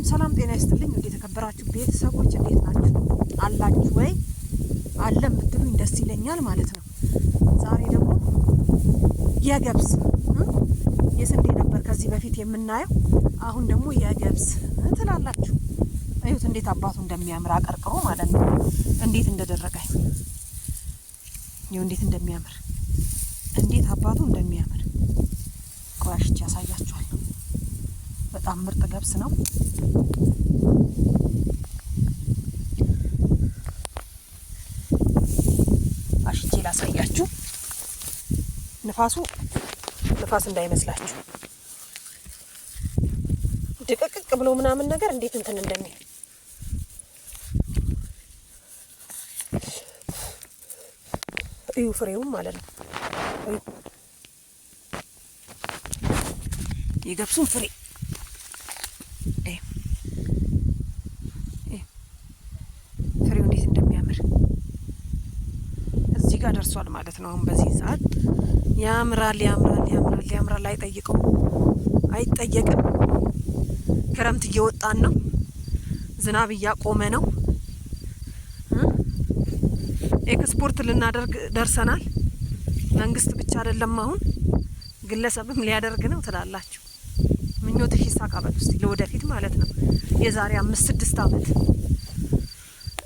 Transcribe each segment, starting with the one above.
ሰላም ሰላም፣ ጤና ይስጥልኝ። እንዴት የተከበራችሁ ቤተሰቦች እንዴት ናችሁ? አላችሁ ወይ? አለ የምትሉኝ ደስ ይለኛል ማለት ነው። ዛሬ ደግሞ የገብስ የስንዴ ነበር ከዚህ በፊት የምናየው፣ አሁን ደግሞ የገብስ ትላላችሁ። እዩት እንዴት አባቱ እንደሚያምር አቀርቀው ማለት ነው። እንዴት እንደደረቀ ይኸው፣ እንዴት እንደሚያምር እንዴት አባቱ እንደሚያምር ቆያሽች ያሳየ በጣም ምርጥ ገብስ ነው። አሽቼ ላሳያችሁ። ንፋሱ ንፋስ እንዳይመስላችሁ ድቅቅቅ ብሎ ምናምን ነገር እንዴት እንትን እንደሚል እዩ። ፍሬውም ማለት ነው የገብሱን ፍሬ እዚህ ጋር ደርሷል ማለት ነው። አሁን በዚህ ሰዓት ያምራል፣ ያምራል፣ ያምራል፣ ያምራል። አይጠይቀው አይጠየቅም። ክረምት እየወጣን ነው። ዝናብ እያቆመ ነው። ኤክስፖርት ልናደርግ ደርሰናል። መንግስት ብቻ አይደለም አሁን ግለሰብም ሊያደርግ ነው ትላላችሁ። ምኞትሽ ይሳካ በል ውስጥ ለወደፊት ማለት ነው። የዛሬ አምስት ስድስት አመት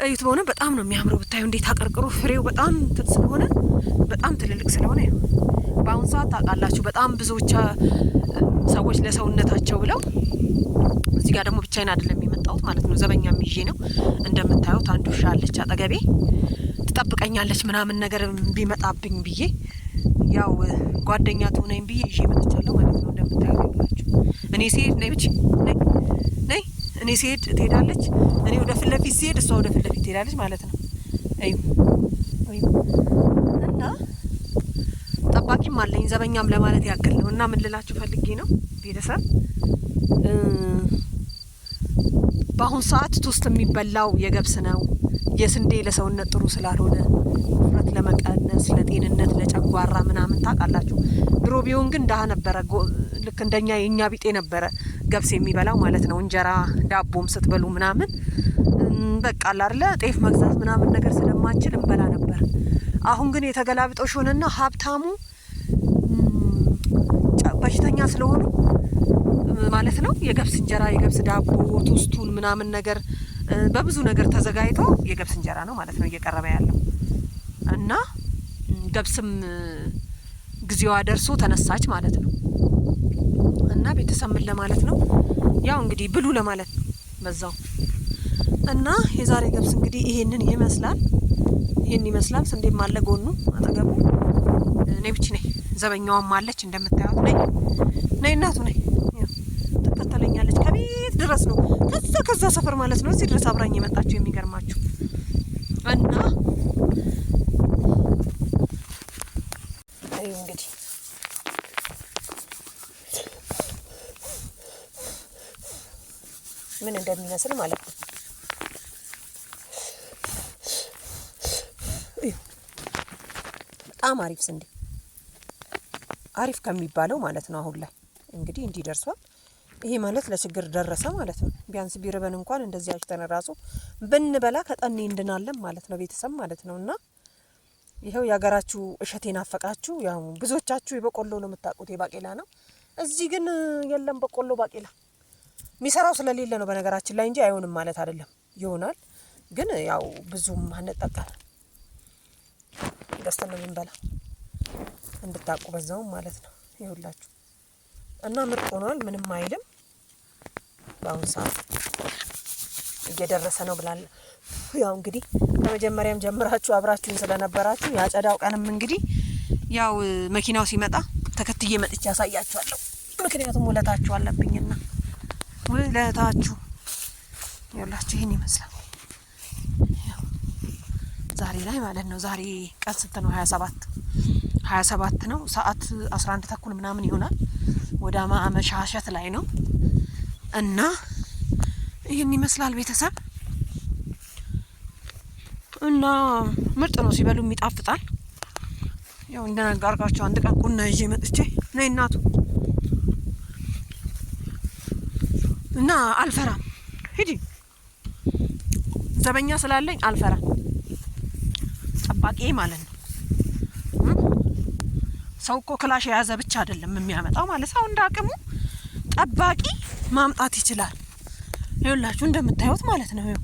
እዩት። በሆነ በጣም ነው የሚያምረው ብታዩ እንዴት አቀርቅሮ ፍሬው በጣም እንትን ስለሆነ በጣም ትልልቅ ስለሆነ ነው። በአሁን ሰዓት ታውቃላችሁ በጣም ብዙዎች ሰዎች ለሰውነታቸው ብለው እዚህ ጋር ደግሞ ብቻዬን አይደለም የመጣሁት ማለት ነው። ዘበኛም ይዤ ነው እንደምታዩት። አንድ ውሻ አለች አጠገቤ ትጠብቀኛለች ምናምን ነገር ቢመጣብኝ ብዬ ያው ጓደኛ ትሆነኝ ብዬ ይዤ መጥቻለሁ ማለት ነው። እንደምታዩት እኔ ሲሄድ ነይ ብቻ ነይ ነይ እኔ ሲሄድ ትሄዳለች፣ እኔ ወደ ፊት ለፊት ሲሄድ እሷ ወደ ፊት ለፊት ትሄዳለች ማለት ነው። እዩ እና ጠባቂም አለኝ ዘበኛም ለማለት ያክል ነው። እና ምን ልላችሁ ፈልጌ ነው ቤተሰብ በአሁን ሰዓት ቶስት የሚበላው የገብስ ነው። የስንዴ ለሰውነት ጥሩ ስላልሆነ ውፍረት ለመቀነስ ለጤንነት፣ ለጨጓራ ምናምን ታውቃላችሁ። ድሮ ቢሆን ግን ዳህ ነበረ። ልክ እንደኛ የእኛ ቢጤ ነበረ ገብስ የሚበላው ማለት ነው። እንጀራ ዳቦም ስትበሉ ምናምን በቃ አላርለ ጤፍ መግዛት ምናምን ነገር ስለማችል እንበላ ነበር። አሁን ግን የተገላብጦሽ ሆነና ሀብታሙ በሽተኛ ስለሆኑ ማለት ነው የገብስ እንጀራ የገብስ ዳቦ ቶስቱን ምናምን ነገር በብዙ ነገር ተዘጋጅቶ የገብስ እንጀራ ነው ማለት ነው እየቀረበ ያለው እና ገብስም ጊዜዋ ደርሶ ተነሳች ማለት ነው። እና ቤተሰብ ምን ለማለት ነው ያው እንግዲህ ብሉ ለማለት ነው በዛው እና የዛሬ ገብስ እንግዲህ ይሄንን ይመስላል። ይሄን ይመስላል። ስንዴም አለ ጎኑ አጠገቡ። እኔ ብቻ ነኝ፣ ዘበኛዋም አለች እንደምታዩት። ነኝ ነኝ እናቱ ነኝ ትከተለኛለች ከቤት ድረስ ነው። ከዛ ከዛ ሰፈር ማለት ነው እዚህ ድረስ አብራኝ የመጣችሁ የሚገርማችሁ እና ምን እንደሚመስል ማለት ነው። በጣም አሪፍ ስንዴ አሪፍ ከሚባለው ማለት ነው። አሁን ላይ እንግዲህ እንዲህ ደርሷል። ይሄ ማለት ለችግር ደረሰ ማለት ነው። ቢያንስ ቢርበን እንኳን እንደዚህ አጭተን ራሱ ብንበላ ከጠኔ እንድናለን ማለት ነው፣ ቤተሰብ ማለት ነው። እና ይኸው የሀገራችሁ እሸት የናፈቃችሁ ያው ብዙዎቻችሁ የበቆሎ ነው የምታውቁት፣ የባቄላ ነው። እዚህ ግን የለም በቆሎ ባቄላ የሚሰራው ስለሌለ ነው በነገራችን ላይ እንጂ አይሆንም ማለት አይደለም። ይሆናል፣ ግን ያው ብዙም አንጠቀም ገዝተን ነው የምንበላ እንድታቁ በዛውም ማለት ነው። ይሁላችሁ እና ምርጥ ሆኗል። ምንም አይልም። በአሁኑ ሰዓት እየደረሰ ነው ብላለ። ያው እንግዲህ ከመጀመሪያም ጀምራችሁ አብራችሁን ስለነበራችሁ የአጨዳው ቀንም እንግዲህ ያው መኪናው ሲመጣ ተከትዬ መጥቼ ያሳያችኋለሁ። ምክንያቱም ውለታችሁ አለብኝና ውለታችሁ ያላችሁ ይህን ይመስላል። ዛሬ ላይ ማለት ነው። ዛሬ ቀን ስንት ነው? ሀያ ሰባት ሀያ ሰባት ነው። ሰዓት አስራ አንድ ተኩል ምናምን ይሆናል። ወደ አመሻሸት ላይ ነው እና ይህን ይመስላል ቤተሰብ እና ምርጥ ነው። ሲበሉም ይጣፍጣል። ያው እንደነገርኳቸው አንድ ቀን ቁና ይዤ መጥቼ ነይ እናቱ እና አልፈራ ሂጂ ዘበኛ ስላለኝ አልፈራ፣ ጠባቂ ማለት ነው። ሰው እኮ ክላሽ የያዘ ብቻ አይደለም የሚያመጣው ማለት ሰው እንደ አቅሙ ጠባቂ ማምጣት ይችላል። ይኸውላችሁ እንደምታዩት ማለት ነው። ይኸው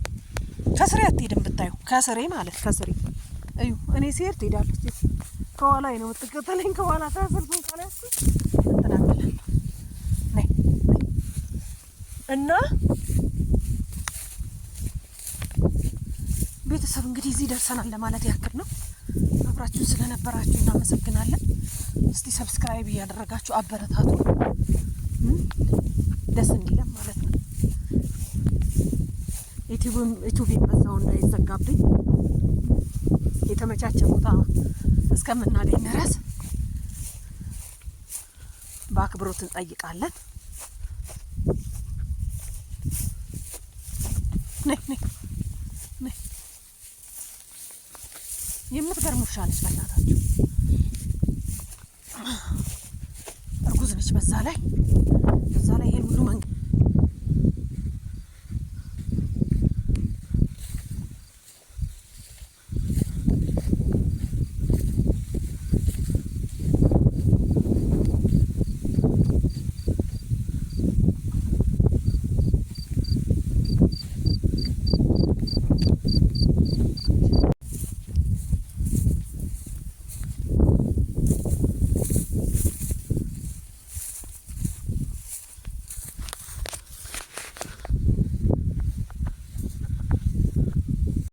ከስሬ አትሄድም ብታዩ ከስሬ ማለት ከስሬ እዩ እኔ ሲሄድ ትሄዳለች። ከኋላ ነው የምትከተለኝ ከኋላ ታስር እና ቤተሰብ እንግዲህ እዚህ ደርሰናል ለማለት ያክል ነው። አብራችሁን ስለነበራችሁ እናመሰግናለን። እስቲ ሰብስክራይብ እያደረጋችሁ አበረታቱ፣ ደስ እንዲለም ማለት ነው። ዩቲዩብም በዛው እንዳይዘጋብኝ የተመቻቸ ቦታ እስከምናገኝ ድረስ በአክብሮት እንጠይቃለን። የምትገርሙ ውሻ ነች። በእናታችሁ እርጉዝ ነች። በዛ ላይ በዛ ላይ